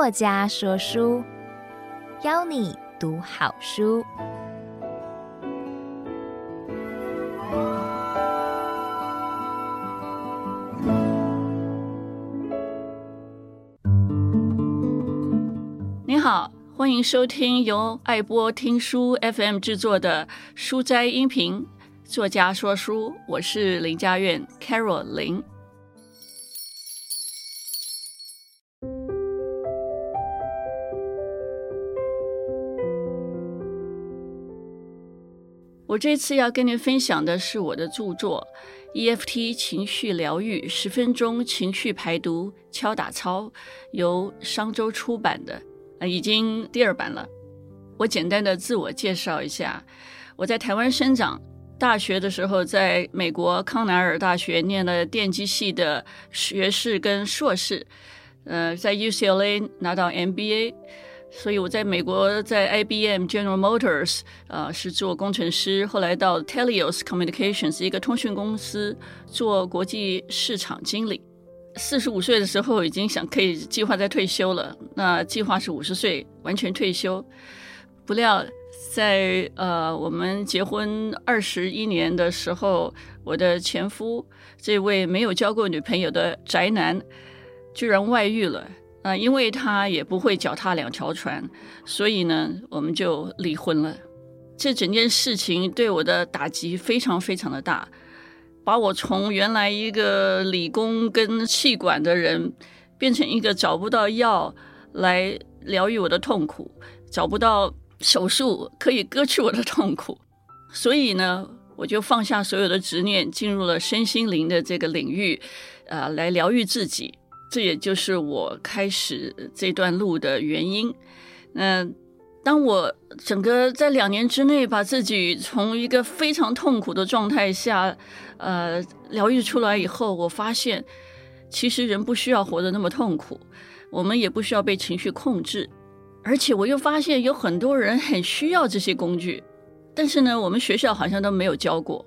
作家說書，邀你讀好書。您好，歡迎收聽由愛播聽書 FM 制作的書齋音頻，作家說書，我是林嘉瑗 Carol Lin。我這次要跟您分享的是我的著作《EFT 情緒療癒十分鐘情緒排毒敲打操》，由商周出版的，已經第二版了。我簡單的自我介紹一下，我在台灣生長，大學的時候在美國康乃爾大學念了電機系的學士跟碩士，呃，在 UCLA 拿到 MBA。所以我在美國，在 IBM、General Motors 啊、呃，是做工程師，後來到 Telios Communications 一個通訊公司做國際市場經理。四十五歲的時候，已經想可以計劃再退休了，那計劃是五十歲完全退休。不料在呃我們結婚二十一年的時候，我的前夫這位沒有交過女朋友的宅男，居然外遇了。因為他也不會腳踏兩條船，所以呢，我們就離婚了。這整件事情對我的打擊非常非常的大，把我從原來一個理工跟企管的人，變成一個找不到藥來療癒我的痛苦，找不到手術可以割去我的痛苦。所以呢，我就放下所有的執念，進入了身心靈的這個領域，啊、呃，來療癒自己。這也就是我開始這段路的原因。嗯、呃，當我整個在兩年之內把自己從一個非常痛苦的狀態下，呃，療癒出來以後，我發現，其實人不需要活得那麼痛苦，我們也不需要被情緒控制，而且我又發現有很多人很需要這些工具，但是呢，我們學校好像都沒有教過。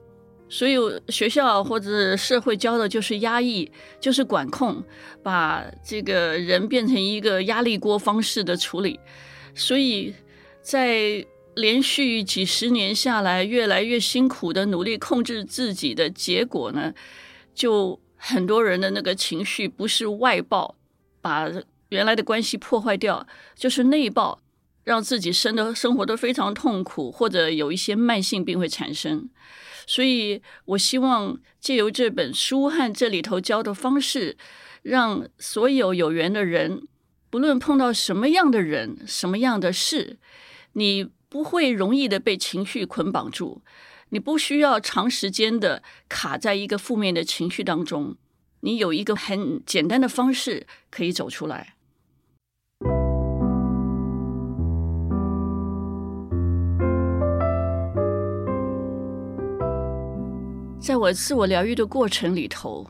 所以學校或者社會教的就是壓抑，就是管控，把這個人變成一個壓力鍋方式的處理。所以，在連續幾十年下來，越來越辛苦的努力控制自己的結果呢，就很多人的那個情緒不是外爆，把原來的關係破壞掉，就是內爆，讓自己生的生活得非常痛苦，或者有一些慢性病會產生。所以，我希望借由這本書和這裡頭教的方式，讓所有有緣的人，不論碰到什麼樣的人、什麼樣的事，你不會容易的被情緒捆綁住，你不需要長時間的卡在一個負面的情緒當中，你有一個很簡單的方式可以走出來。在我自我療癒的過程裡頭，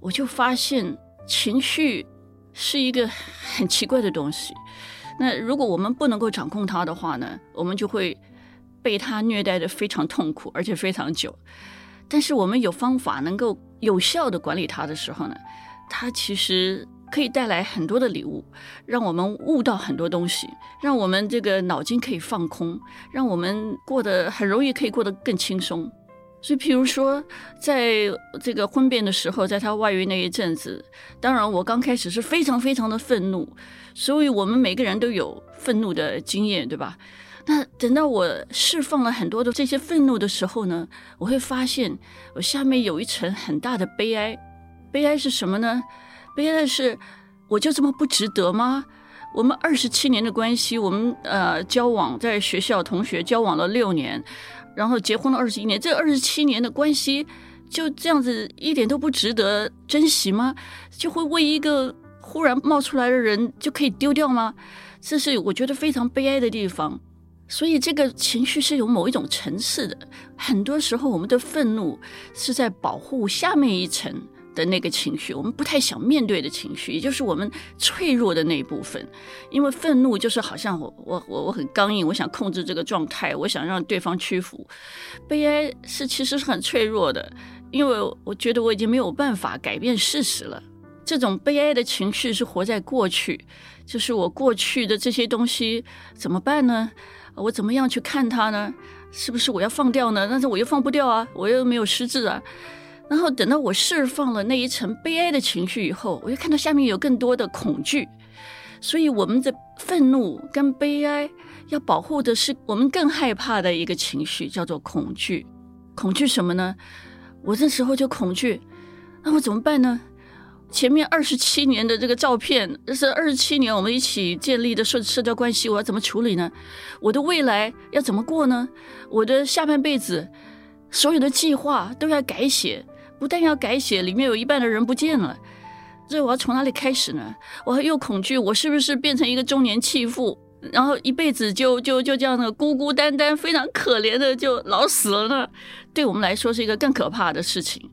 我就發現情緒是一個很奇怪的東西。那如果我們不能夠掌控它的話呢，我們就會被它虐待得非常痛苦，而且非常久。但是我們有方法能夠有效地管理它的時候呢，它其實可以帶來很多的禮物，讓我們悟到很多東西，讓我們這個腦筋可以放空，讓我們過得很容易，可以過得更輕鬆。所以，譬如說，在這個婚變的時候，在他外遇那一陣子，當然，我剛開始是非常非常的憤怒。所以我們每個人都有憤怒的經驗，對吧？那等到我釋放了很多的這些憤怒的時候呢，我會發現我下面有一層很大的悲哀。悲哀是什麼呢？悲哀是我就這麼不值得嗎？我們二十七年的關係，我們呃交往，在學校同學交往了六年。然後結婚了二十一年，這二十七年的關係就這樣子，一點都不值得珍惜嗎？就會為一個忽然冒出來的人就可以丟掉嗎？這是我覺得非常悲哀的地方。所以這個情緒是有某一種層次的，很多時候我們的憤怒是在保護下面一層的那個情緒，我們不太想面對的情緒，也就是我們脆弱的那一部分。因為憤怒就是好像我我我我很剛硬，我想控制這個狀態，我想讓對方屈服。悲哀是其實是很脆弱的，因為我覺得我已經沒有辦法改變事實了。這種悲哀的情緒是活在過去，就是我過去的這些東西怎麼辦呢？我怎麼樣去看它呢？是不是我要放掉呢？但是我又放不掉啊，我又沒有失智啊。然後等到我釋放了那一層悲哀的情緒以後，我就看到下面有更多的恐懼。所以我們的憤怒跟悲哀要保護的是我們更害怕的一個情緒，叫做恐懼。恐懼什麼呢？我這時候就恐懼，那我怎麼辦呢？前面二十七年的這個照片，這是二十七年我們一起建立的社社交關係，我要怎麼處理呢？我的未來要怎麼過呢？我的下半輩子所有的計劃都要改寫。不但要改寫，裡面有一半的人不見了，所以我要從哪裡開始呢？我還又恐懼，我是不是變成一個中年棄婦，然後一輩子就就就這樣的孤孤單單、非常可憐的就老死了呢？對我們來說是一個更可怕的事情。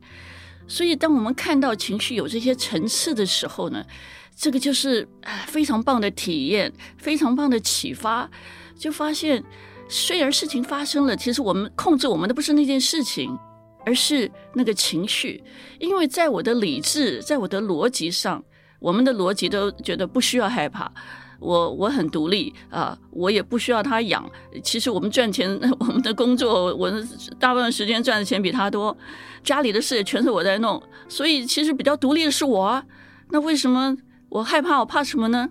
所以，當我們看到情緒有這些層次的時候呢，這個就是非常棒的體驗，非常棒的啟發。就發現，雖然事情發生了，其實我們控制我們的不是那件事情。而是那個情緒，因為在我的理智，在我的邏輯上，我們的邏輯都覺得不需要害怕。我我很獨立啊，呃，我也不需要他養。其實我們賺錢，我們的工作，我大部分時間賺的錢比他多，家裡的事也全是我在弄。所以其實比較獨立的是我啊。那為什麼我害怕？我怕什麼呢？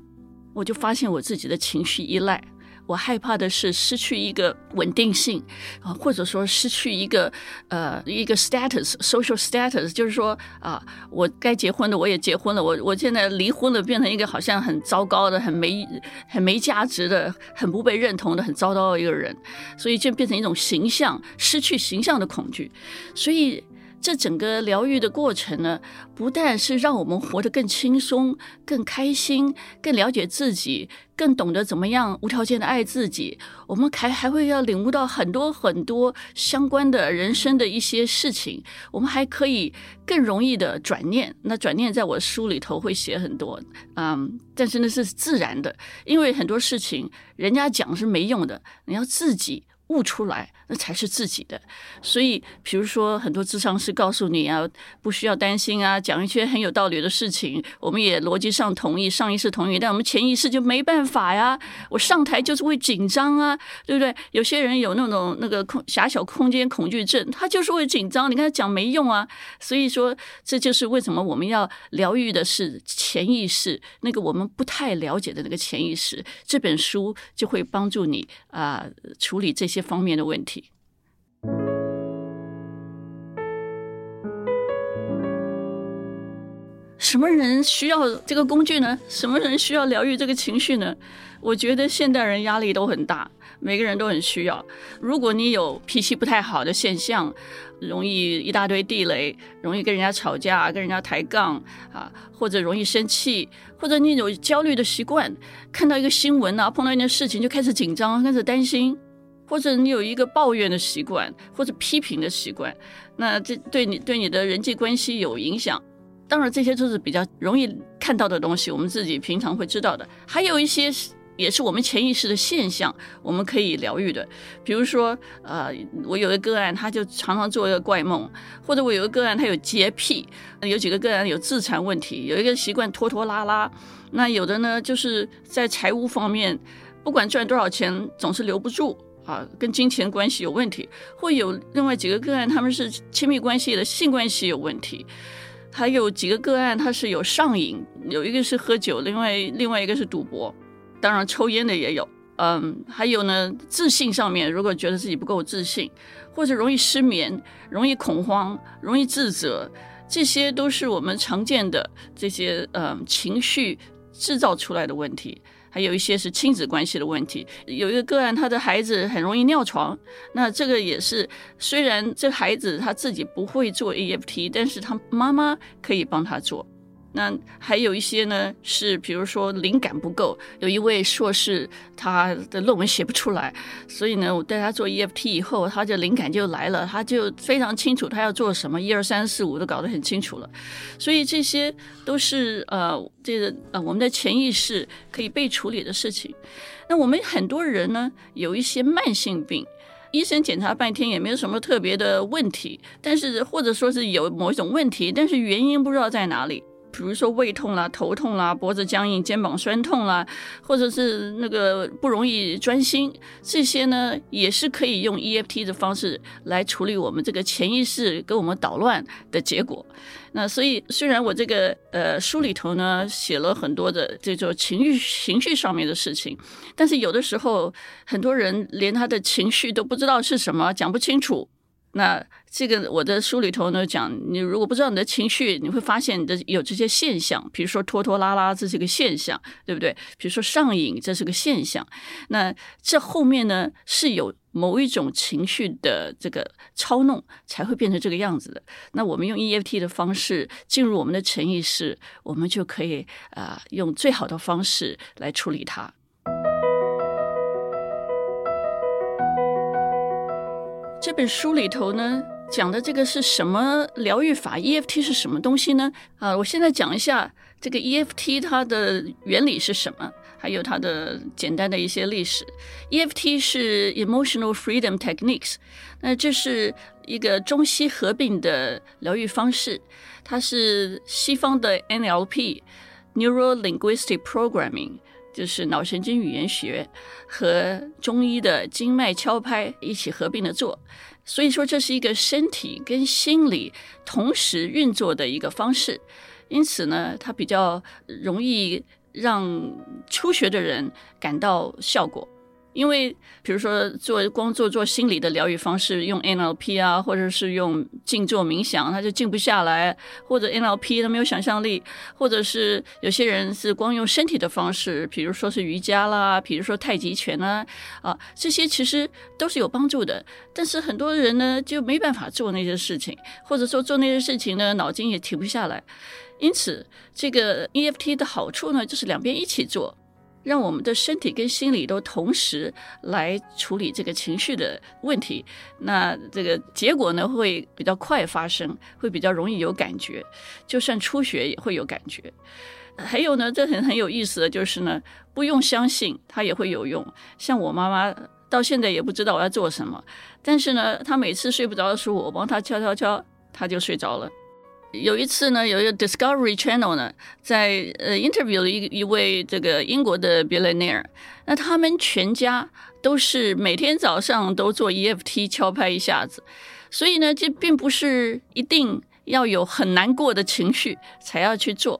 我就發現我自己的情緒依賴。我害怕的是失去一個穩定性，啊，或者說失去一個呃一個 status, social status，就是說啊、呃，我該結婚的我也結婚了，我我現在離婚了，變成一個好像很糟糕的、很沒、很沒價值的、很不被認同的、很糟糕的一個人，所以就變成一種形象，失去形象的恐懼，所以。這整個療癒的過程呢，不但是讓我們活得更輕鬆、更開心、更了解自己、更懂得怎麼樣無條件的愛自己，我們還還會要領悟到很多很多相關的人生的一些事情。我們還可以更容易的轉念。那轉念在我書裡頭會寫很多，嗯，但是那是自然的，因為很多事情人家講是沒用的，你要自己悟出來。才是自己的，所以比如說很多智商是告訴你啊，不需要擔心啊，講一些很有道理的事情，我們也邏輯上同意，上意識同意，但我們潛意識就沒辦法呀、啊。我上台就是會緊張啊，對不對？有些人有那種那個空狹小空間恐懼症，他就是會緊張。你跟他講沒用啊。所以說這就是為什麼我們要療癒的是潛意識，那個我們不太了解的那個潛意識。這本書就會幫助你啊、呃、處理這些方面的問題。什麼人需要這個工具呢？什麼人需要療癒這個情緒呢？我覺得現代人壓力都很大，每個人都很需要。如果你有脾氣不太好的現象，容易一大堆地雷，容易跟人家吵架、跟人家抬槓啊，或者容易生氣，或者你有焦慮的習慣，看到一個新聞啊，碰到一件事情就開始緊張，開始擔心，或者你有一個抱怨的習慣，或者批評的習慣，那這對你對你的人際關係有影響。當然，這些都是比較容易看到的東西，我們自己平常會知道的。還有一些也是我們潛意識的現象，我們可以療癒的。比如說，呃，我有個個案，他就常常做一個怪夢；或者我有個個案，他有潔癖；有幾個個案有自殘問題；有一個習慣拖拖拉拉；那有的呢，就是在財務方面，不管賺多少錢，總是留不住啊，跟金錢關係有問題；或有另外幾個個案，他們是親密關係的性關係有問題。還有幾個個案，他是有上癮，有一個是喝酒，另外另外一個是賭博，當然抽菸的也有。嗯，還有呢，自信上面，如果覺得自己不夠自信，或者容易失眠、容易恐慌、容易自責，這些都是我們常見的這些嗯情緒製造出來的問題。還有一些是親子關係的問題，有一個個案，他的孩子很容易尿床，那這個也是，雖然這孩子他自己不會做 EFT，但是他媽媽可以幫他做。那還有一些呢，是比如說靈感不夠，有一位碩士，他的論文寫不出來，所以呢，我帶他做 EFT 以後，他就靈感就來了，他就非常清楚他要做什麼，一二三四五都搞得很清楚了，所以這些都是呃，這個呃我們的潛意識可以被處理的事情。那我們很多人呢，有一些慢性病，醫生檢查半天也沒有什麼特別的問題，但是或者說是有某一種問題，但是原因不知道在哪裡。比如說胃痛啦、啊、頭痛啦、啊、脖子僵硬、肩膀酸痛啦、啊，或者是那個不容易專心，這些呢也是可以用 EFT 的方式來處理我們這個潛意識給我們搗亂的結果。那所以，雖然我這個呃書裡頭呢寫了很多的這種情緒情緒上面的事情，但是有的時候很多人連他的情緒都不知道是什麼，講不清楚。那這個我的書裡頭呢講，你如果不知道你的情緒，你會發現你的有這些現象，比如說拖拖拉拉這是個現象，對不對？比如說上癮這是個現象，那這後面呢是有某一種情緒的這個操弄才會變成這個樣子的。那我們用 EFT 的方式進入我們的潛意識，我們就可以啊、呃、用最好的方式來處理它。這本書裡頭呢，講的這個是什麼療癒法？EFT 是什麼東西呢？啊，我現在講一下這個 EFT 它的原理是什麼，還有它的簡單的一些歷史。EFT 是 Emotional Freedom Techniques，那這是一個中西合併的療癒方式，它是西方的 NLP（Neuro-linguistic Programming）。就是腦神經語言學和中醫的經脈敲拍一起合併的做，所以說這是一個身體跟心理同時運作的一個方式，因此呢，它比較容易讓初學的人感到效果。因為，比如說做光做做心理的療癒方式，用 NLP 啊，或者是用靜坐冥想，他就靜不下來；或者 NLP 他沒有想象力，或者是有些人是光用身體的方式，比如說是瑜伽啦，比如說太極拳啊，啊這些其實都是有幫助的。但是很多人呢就沒辦法做那些事情，或者說做那些事情呢腦筋也停不下來。因此，這個 EFT 的好處呢就是兩邊一起做。讓我們的身體跟心理都同時來處理這個情緒的問題，那這個結果呢會比較快發生，會比較容易有感覺，就算初學也會有感覺。還有呢，這很很有意思的就是呢，不用相信它也會有用。像我媽媽到現在也不知道我要做什麼，但是呢，她每次睡不着的時候，我幫她敲敲敲，她就睡着了。有一次呢，有一個 Discovery Channel 呢，在呃 interview 了一一位這個英國的 billionaire，那他們全家都是每天早上都做 EFT 敲拍一下子，所以呢，這並不是一定要有很難過的情緒才要去做。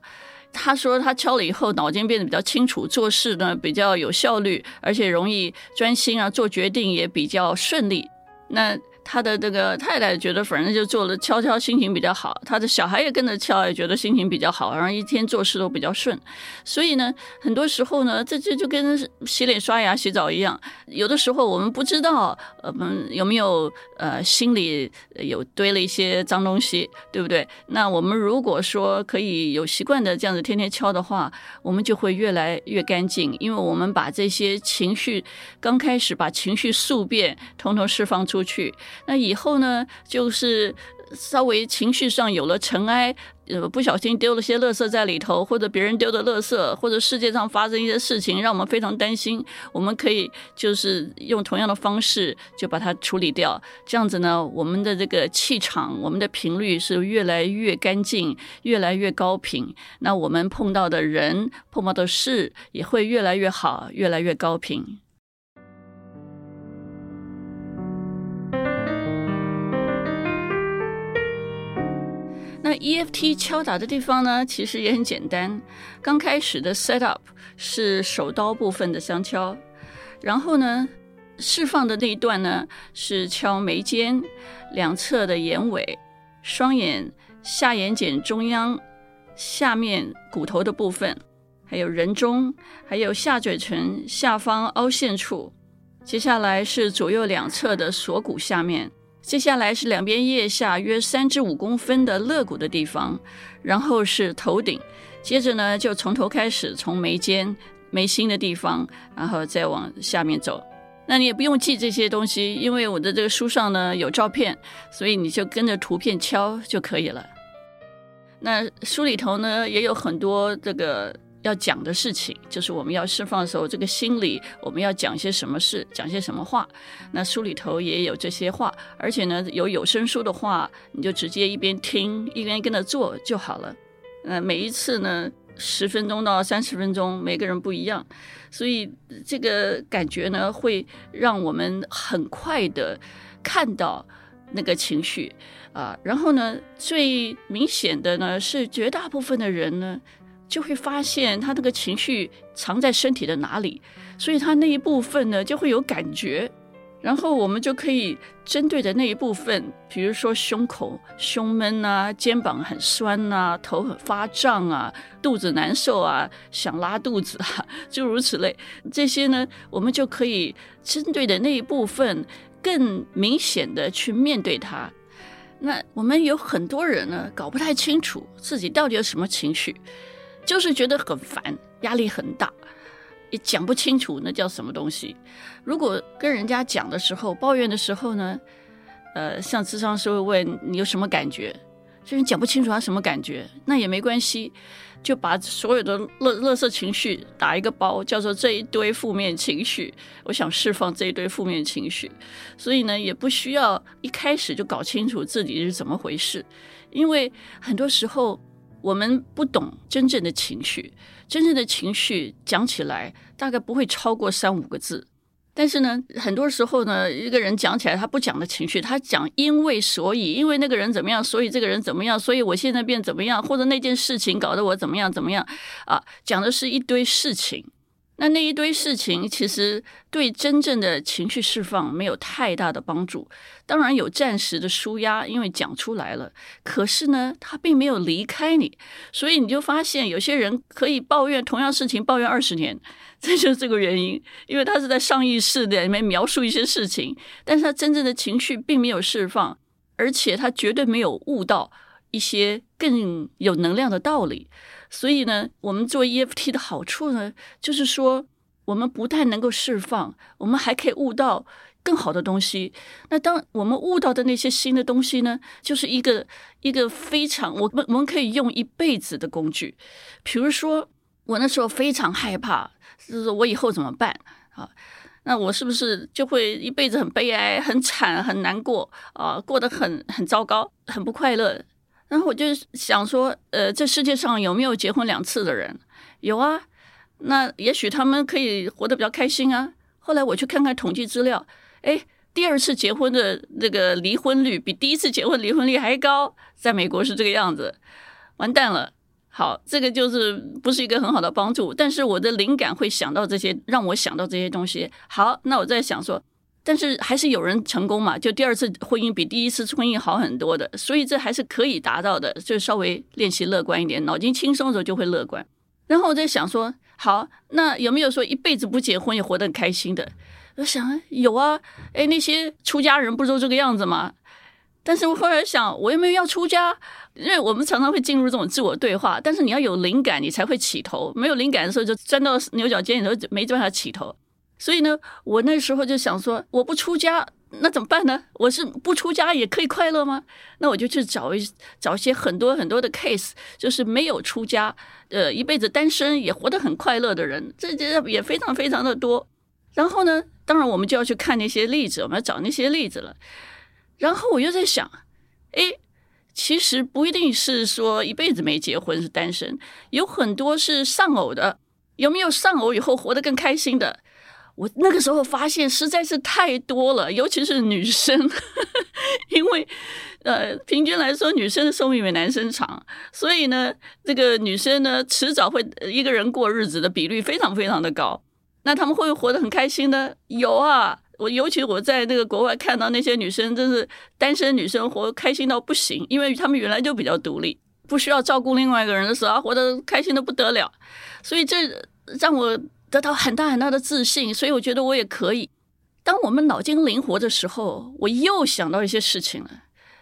他說他敲了以後，腦筋變得比較清楚，做事呢比較有效率，而且容易專心啊，做決定也比較順利。那他的這個太太覺得，反正就做了敲敲，心情比較好。他的小孩也跟着敲，也覺得心情比較好，然後一天做事都比較順。所以呢，很多時候呢，這這就跟洗臉、刷牙、洗澡一樣。有的時候我們不知道，呃，有沒有呃，心裡有堆了一些髒東西，對不對？那我們如果說可以有習慣的這樣子天天敲的話，我們就會越來越乾淨，因為我們把這些情緒剛開始把情緒宿便統統釋放出去。那以後呢，就是稍微情緒上有了塵埃，呃，不小心丟了些垃圾在裡頭，或者別人丟的垃圾，或者世界上發生一些事情讓我們非常擔心，我們可以就是用同樣的方式就把它處理掉。這樣子呢，我們的這個氣場，我們的頻率是越來越乾淨，越來越高頻。那我們碰到的人，碰到的事也會越來越好，越來越高頻。那 EFT 敲打的地方呢，其實也很簡單。剛開始的 setup 是手刀部分的相敲，然後呢，釋放的那一段呢，是敲眉間、兩側的眼尾、雙眼下眼瞼中央、下面骨頭的部分，還有人中，還有下嘴唇下方凹陷處。接下來是左右兩側的鎖骨下面。接下來是兩邊腋下約三至五公分的肋骨的地方，然後是頭頂，接着呢就從頭開始，從眉間、眉心的地方，然後再往下面走。那你也不用記這些東西，因為我的這個書上呢有照片，所以你就跟着圖片敲就可以了。那書裡頭呢也有很多這個。要講的事情，就是我們要釋放的時候，這個心裡，我們要講些什麼事，講些什麼話。那書裡頭也有這些話，而且呢，有有聲書的話，你就直接一邊聽一邊跟着做就好了。嗯、呃，每一次呢，十分鐘到三十分鐘，每個人不一樣，所以這個感覺呢，會讓我們很快的看到那個情緒啊、呃。然後呢，最明顯的呢，是絕大部分的人呢，就會發現他那個情緒藏在身體的哪裡，所以他那一部分呢，就會有感覺，然後我們就可以針對的那一部分，比如說胸口，胸悶啊，肩膀很酸啊，頭很發脹啊，肚子難受啊，想拉肚子啊，諸如此類，這些呢，我們就可以針對的那一部分更明顯的去面對它。那我們有很多人呢，搞不太清楚自己到底有什麼情緒。就是覺得很煩，壓力很大，也講不清楚那叫什麼東西。如果跟人家講的時候，抱怨的時候呢，呃，像諮商師會問你有什麼感覺，就是講不清楚他什麼感覺，那也沒關係，就把所有的垃圾情緒打一個包，叫做這一堆負面情緒。我想釋放這一堆負面情緒，所以呢，也不需要一開始就搞清楚自己是怎麼回事，因為很多時候。我們不懂真正的情緒，真正的情緒講起來大概不會超過三五個字，但是呢，很多時候呢，一個人講起來他不講的情緒，他講因為所以，因為那個人怎麼樣，所以這個人怎麼樣，所以我現在變怎麼樣，或者那件事情搞得我怎麼樣怎麼樣，啊，講的是一堆事情。那那一堆事情，其實對真正的情緒釋放沒有太大的幫助。當然有暫時的舒壓，因為講出來了。可是呢，他並沒有離開你，所以你就發現有些人可以抱怨同樣事情抱怨二十年，這就是這個原因。因為他是在上意識裡面描述一些事情，但是他真正的情緒並沒有釋放，而且他絕對沒有悟到一些更有能量的道理。所以呢，我們做 EFT 的好處呢，就是說，我們不但能夠釋放，我們還可以悟到更好的東西。那當我們悟到的那些新的東西呢，就是一個一個非常我們我們可以用一輩子的工具。比如說，我那時候非常害怕，就是我以後怎麼辦啊？那我是不是就會一輩子很悲哀、很慘、很難過啊？過得很很糟糕，很不快樂。然後我就想說，呃，這世界上有沒有結婚兩次的人？有啊，那也許他們可以活得比較開心啊。後來我去看看統計資料，哎，第二次結婚的那個離婚率比第一次結婚離婚率還高，在美國是這個樣子，完蛋了。好，這個就是不是一個很好的幫助，但是我的靈感會想到這些，讓我想到這些東西。好，那我在想說。但是還是有人成功嘛？就第二次婚姻比第一次婚姻好很多的，所以這還是可以達到的。就稍微練習樂觀一點，腦筋輕鬆的時候就會樂觀。然後我在想說，好，那有沒有說一輩子不結婚也活得很開心的？我想啊，有啊，誒，那些出家人不都這個樣子嗎？但是我後來想，我又沒有要出家，因為我們常常會進入這種自我對話。但是你要有靈感，你才會起頭；沒有靈感的時候，就鑽到牛角尖裡頭，就沒辦法起頭。所以呢，我那時候就想說，我不出家那怎麼辦呢？我是不出家也可以快樂嗎？那我就去找一，找一些很多很多的 case，就是沒有出家，呃，一輩子單身也活得很快樂的人，這這也非常非常的多。然後呢，當然我們就要去看那些例子，我們要找那些例子了。然後我就在想，誒，其實不一定是說一輩子沒結婚是單身，有很多是喪偶的，有沒有喪偶以後活得更開心的？我那個時候發現實在是太多了，尤其是女生，呵呵，因為呃，平均來說女生的壽命比男生長，所以呢，這個女生呢，遲早會一個人過日子的比率非常非常的高。那他們會活得很開心的，有啊。我尤其我在那個國外看到那些女生，真是單身女生活開心到不行，因為他們原來就比較獨立，不需要照顧另外一個人的時候，活得開心得不得了。所以這讓我得到很大很大的自信，所以我覺得我也可以。當我們腦筋靈活的時候，我又想到一些事情了，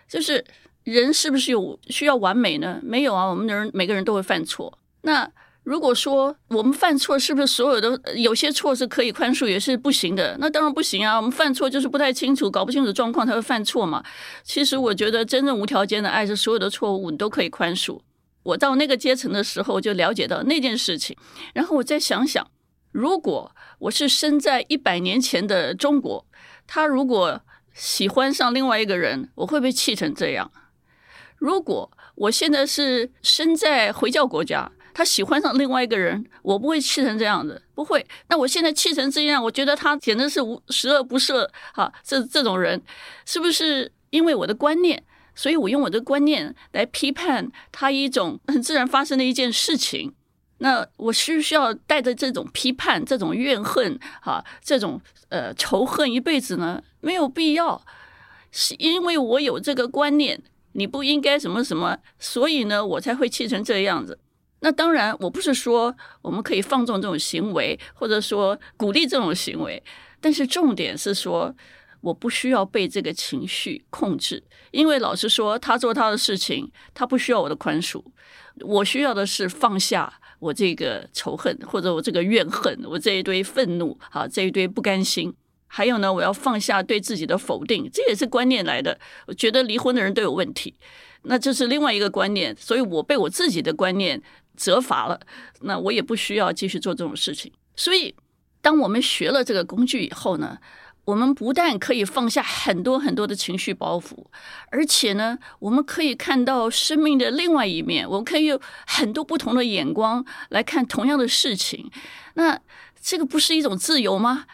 就是人是不是有需要完美呢？沒有啊，我們的人每個人都會犯錯。那如果說我們犯錯，是不是所有的有些錯是可以寬恕也是不行的？那當然不行啊，我們犯錯就是不太清楚、搞不清楚狀況才會犯錯嘛。其實我覺得真正無條件的愛是所有的錯誤你都可以寬恕。我到那個階層的時候，我就了解到那件事情，然後我再想想。如果我是生在一百年前的中國，他如果喜歡上另外一個人，我會被氣成這樣。如果我現在是生在回教國家，他喜歡上另外一個人，我不會氣成這樣子，不會。那我現在氣成這樣，我覺得他簡直是無十惡不赦哈、啊。這這種人，是不是因為我的觀念，所以我用我的觀念來批判他一種很自然發生的一件事情？那我需不需要帶着這種批判、這種怨恨，、哈、啊，這種呃仇恨一輩子呢？沒有必要，是因為我有這個觀念，你不應該什麼什麼，所以呢，我才會氣成這樣子。那當然，我不是說我們可以放縱這種行為，或者說鼓勵這種行為，但是重點是說，我不需要被這個情緒控制，因為老實說，他做他的事情，他不需要我的寬恕，我需要的是放下。我這個仇恨，或者我這個怨恨，我這一堆憤怒，啊，這一堆不甘心，還有呢，我要放下對自己的否定，這也是觀念來的。我覺得離婚的人都有問題，那這是另外一個觀念，所以我被我自己的觀念責罰了，那我也不需要繼續做這種事情。所以，當我們學了這個工具以後呢，我們不但可以放下很多很多的情緒包袱，而且呢，我們可以看到生命的另外一面。我們可以有很多不同的眼光來看同樣的事情。那這個不是一種自由嗎？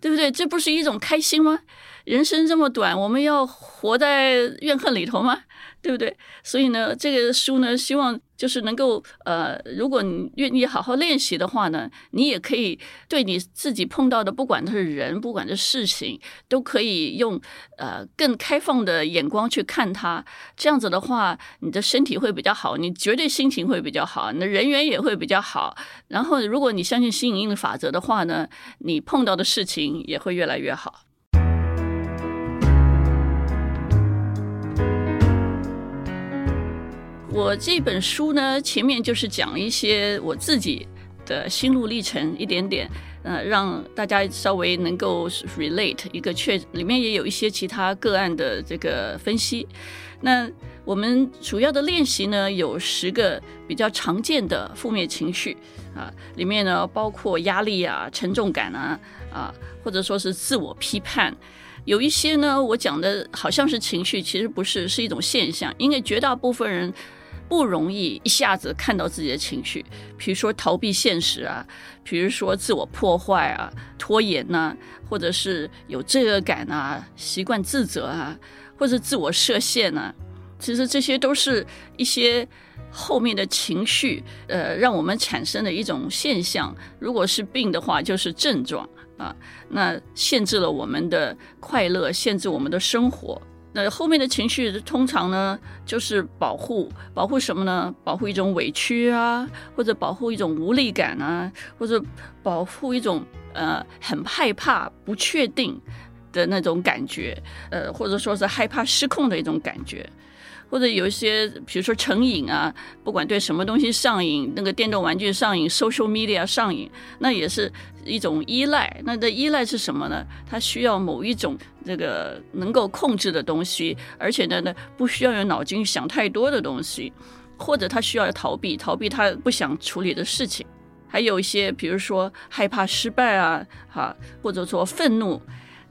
對不對？這不是一種開心嗎？人生這麼短，我們要活在怨恨裡頭嗎？對不對？所以呢，這個書呢，希望就是能夠，呃，如果你願意好好練習的話呢，你也可以對你自己碰到的，不管他是人，不管這事情，都可以用呃更開放的眼光去看它。這樣子的話，你的身體會比較好，你絕對心情會比較好，你的人緣也會比較好。然後，如果你相信吸引力法則的話呢，你碰到的事情也會越來越好。我這本書呢，前面就是講一些我自己的心路歷程，一點點，呃，讓大家稍微能夠 relate 一個確，裡面也有一些其他個案的這個分析。那我們主要的練習呢，有十個比較常見的負面情緒啊，裡面呢包括壓力啊、沉重感啊，啊，或者說是自我批判。有一些呢，我講的好像是情緒，其實不是，是一種現象，因為絕大部分人。不容易一下子看到自己的情緒，比如說逃避現實啊，比如說自我破壞啊、拖延吶、啊，或者是有罪惡感吶、啊、習慣自責啊，或者自我設限吶、啊。其實這些都是一些後面的情緒，呃，讓我們產生的一種現象。如果是病的話，就是症狀啊，那限制了我們的快樂，限制我們的生活。那、呃、後面的情緒通常呢，就是保護，保護什麼呢？保護一種委屈啊，或者保護一種無力感啊，或者保護一種呃很害怕、不確定的那種感覺，呃，或者說是害怕失控的一種感覺。或者有一些，比如說成癮啊，不管對什麼東西上癮，那個電動玩具上癮，social media 上癮，那也是一種依賴。那這依賴是什麼呢？它需要某一種這個能夠控制的東西，而且呢，呢不需要用腦筋想太多的東西，或者他需要逃避，逃避他不想處理的事情。還有一些，比如說害怕失敗啊，哈，或者說憤怒。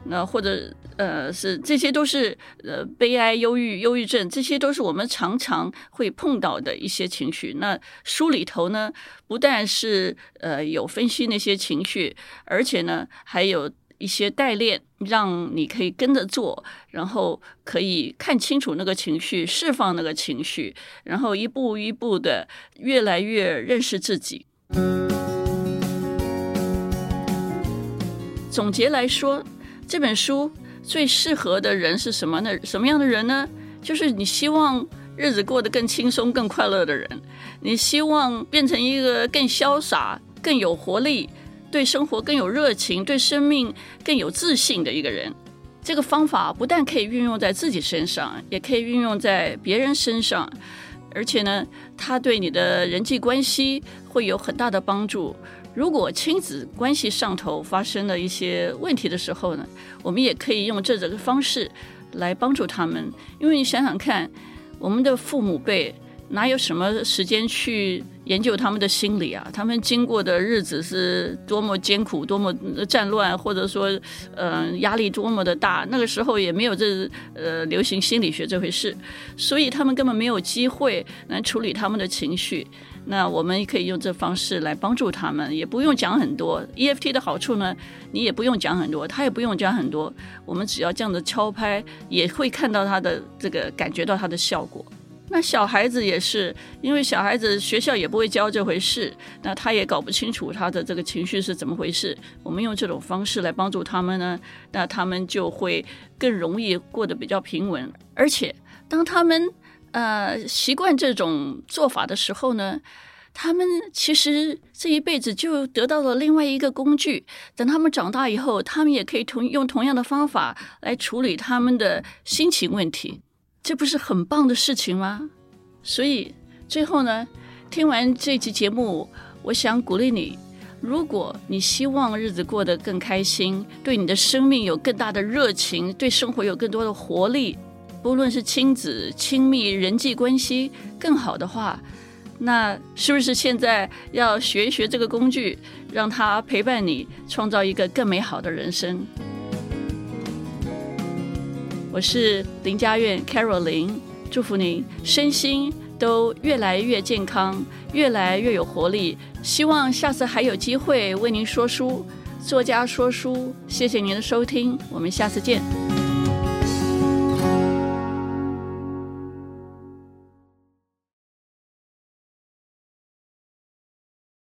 那或者呃是這些都是呃悲哀、憂鬱、憂鬱症，這些都是我們常常會碰到的一些情緒。那書裡頭呢，不但是呃有分析那些情緒，而且呢還有一些帶練，讓你可以跟着做，然後可以看清楚那個情緒，釋放那個情緒，然後一步一步的越來越認識自己。總結來說。這本書最適合的人是什麼呢？什麼樣的人呢？就是你希望日子過得更輕鬆、更快樂的人，你希望變成一個更瀟灑、更有活力、對生活更有熱情、對生命更有自信的一個人。這個方法不但可以運用在自己身上，也可以運用在別人身上，而且呢，它對你的人際關係會有很大的幫助。如果親子關係上頭發生了一些問題的時候呢，我們也可以用這種方式來幫助他們。因為你想想看，我們的父母輩哪有什麼時間去研究他們的心理啊？他們經過的日子是多麼艱苦，多麼戰亂，或者說，呃，壓力多麼的大。那個時候也沒有這呃流行心理學這回事，所以他們根本沒有機會來處理他們的情緒。那我們也可以用這方式來幫助他們，也不用講很多。EFT 的好處呢，你也不用講很多，他也不用講很多。我們只要這樣子敲拍，也會看到他的這個感覺到他的效果。那小孩子也是，因為小孩子學校也不會教這回事，那他也搞不清楚他的這個情緒是怎麼回事。我們用這種方式來幫助他們呢，那他們就會更容易過得比較平穩，而且當他們，呃，習慣這種做法的時候呢，他們其實這一輩子就得到了另外一個工具。等他們長大以後，他們也可以同用同樣的方法來處理他們的心情問題。這不是很棒的事情嗎？所以最後呢，聽完這期節目，我想鼓勵你，如果你希望日子過得更開心，對你的生命有更大的熱情，對生活有更多的活力。無論是親子、親密人際關係更好的話，那是不是現在要學一學這個工具，讓它陪伴你，創造一個更美好的人生？我是林嘉瑗 Carol Lin，祝福您身心都越來越健康，越來越有活力。希望下次還有機會為您說書，作家說書。謝謝您的收聽，我們下次見。